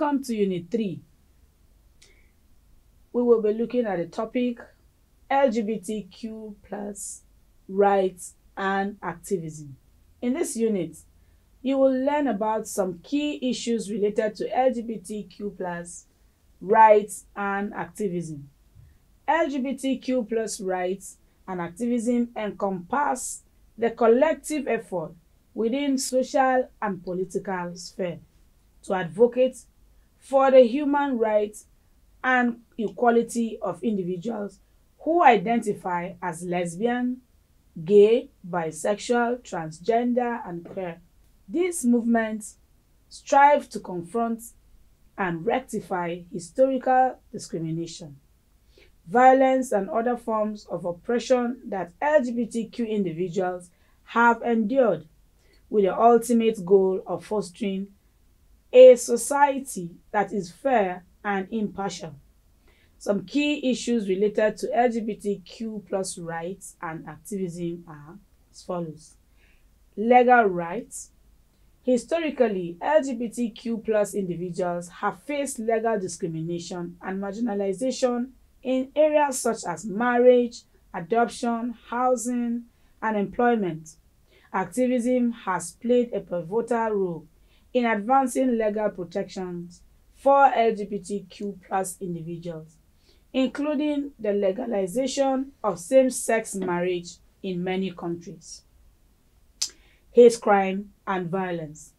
Welcome to Unit 3. We will be looking at the topic LGBTQ plus rights and activism. In this unit, you will learn about some key issues related to LGBTQ plus rights and activism. LGBTQ plus rights and activism encompass the collective effort within social and political sphere to advocate for the human rights and equality of individuals who identify as lesbian, gay, bisexual, transgender, and queer. These movements strive to confront and rectify historical discrimination, violence, and other forms of oppression that LGBTQ individuals have endured, with the ultimate goal of fostering a society that is fair and impartial. Some key issues related to LGBTQ plus rights and activism are as follows. Legal rights. Historically, LGBTQ plus individuals have faced legal discrimination and marginalization in areas such as marriage, adoption, housing, and employment. Activism has played a pivotal role in advancing legal protections for LGBTQ plus individuals, including the legalization of same-sex marriage in many countries. Hate crime and violence.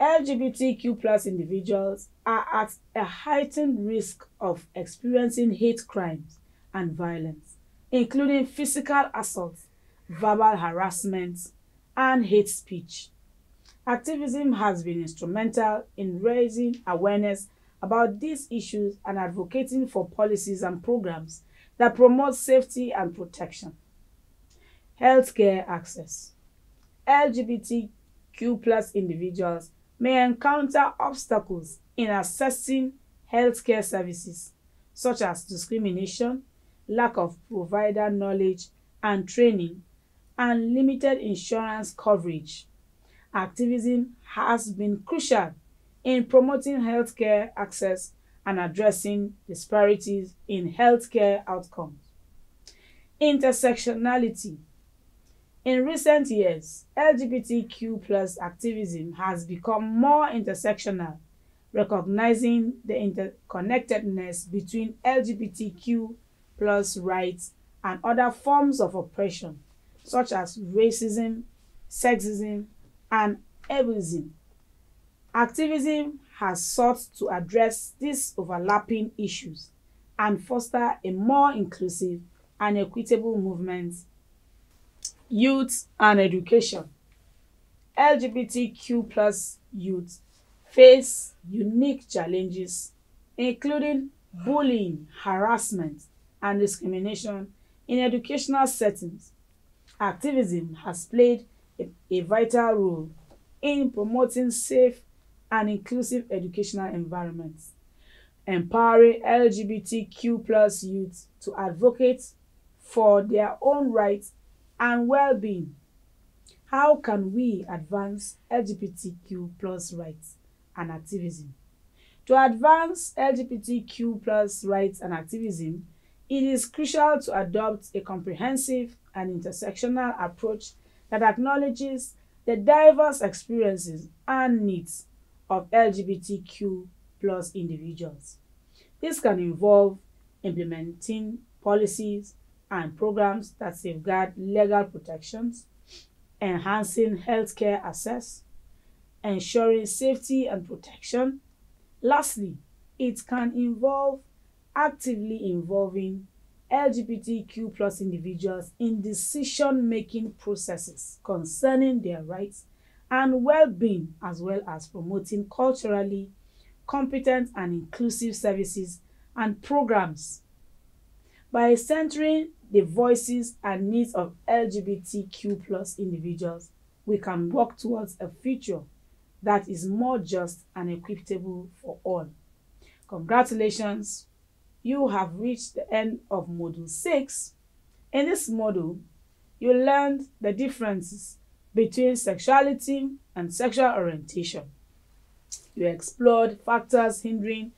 LGBTQ plus individuals are at a heightened risk of experiencing hate crimes and violence, including physical assault, verbal harassment, and hate speech. Activism has been instrumental in raising awareness about these issues and advocating for policies and programs that promote safety and protection. Healthcare access. LGBTQ plus individuals may encounter obstacles in accessing healthcare services, such as discrimination, lack of provider knowledge and training, and limited insurance coverage activism has been crucial in promoting healthcare access and addressing disparities in healthcare outcomes. Intersectionality. In recent years, LGBTQ activism has become more intersectional, recognizing the interconnectedness between LGBTQ rights and other forms of oppression, such as racism, sexism, and everything, Activism has sought to address these overlapping issues and foster a more inclusive and equitable movement. Youth and education. LGBTQ plus youth face unique challenges, including bullying, harassment, and discrimination in educational settings. Activism has played a vital role in promoting safe and inclusive educational environments, empowering LGBTQ plus youth to advocate for their own rights and well-being. How can we advance LGBTQ plus rights and activism? To advance LGBTQ plus rights and activism, it is crucial to adopt a comprehensive and intersectional approach that acknowledges the diverse experiences and needs of LGBTQ plus individuals. This can involve implementing policies and programs that safeguard legal protections, enhancing healthcare access, ensuring safety and protection. Lastly, it can involve actively involving LGBTQ plus individuals in decision-making processes concerning their rights and well-being as well as promoting culturally competent and inclusive services and programs by centering the voices and needs of LGBTQ plus individuals, we can work towards a future that is more just and equitable for all. Congratulations you have reached the end of Module 6. In this module, you learned the differences between sexuality and sexual orientation. You explored factors hindering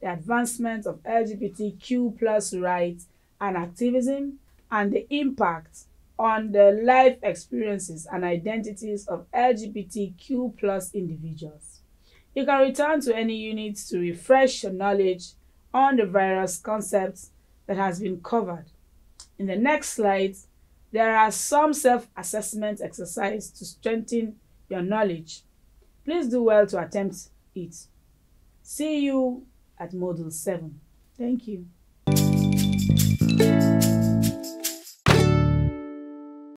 the advancement of LGBTQ plus rights and activism and the impact on the life experiences and identities of LGBTQ plus individuals. You can return to any unit to refresh your knowledge on the various concepts that has been covered. In the next slides, there are some self-assessment exercises to strengthen your knowledge. Please do well to attempt it. See you at Module 7. Thank you.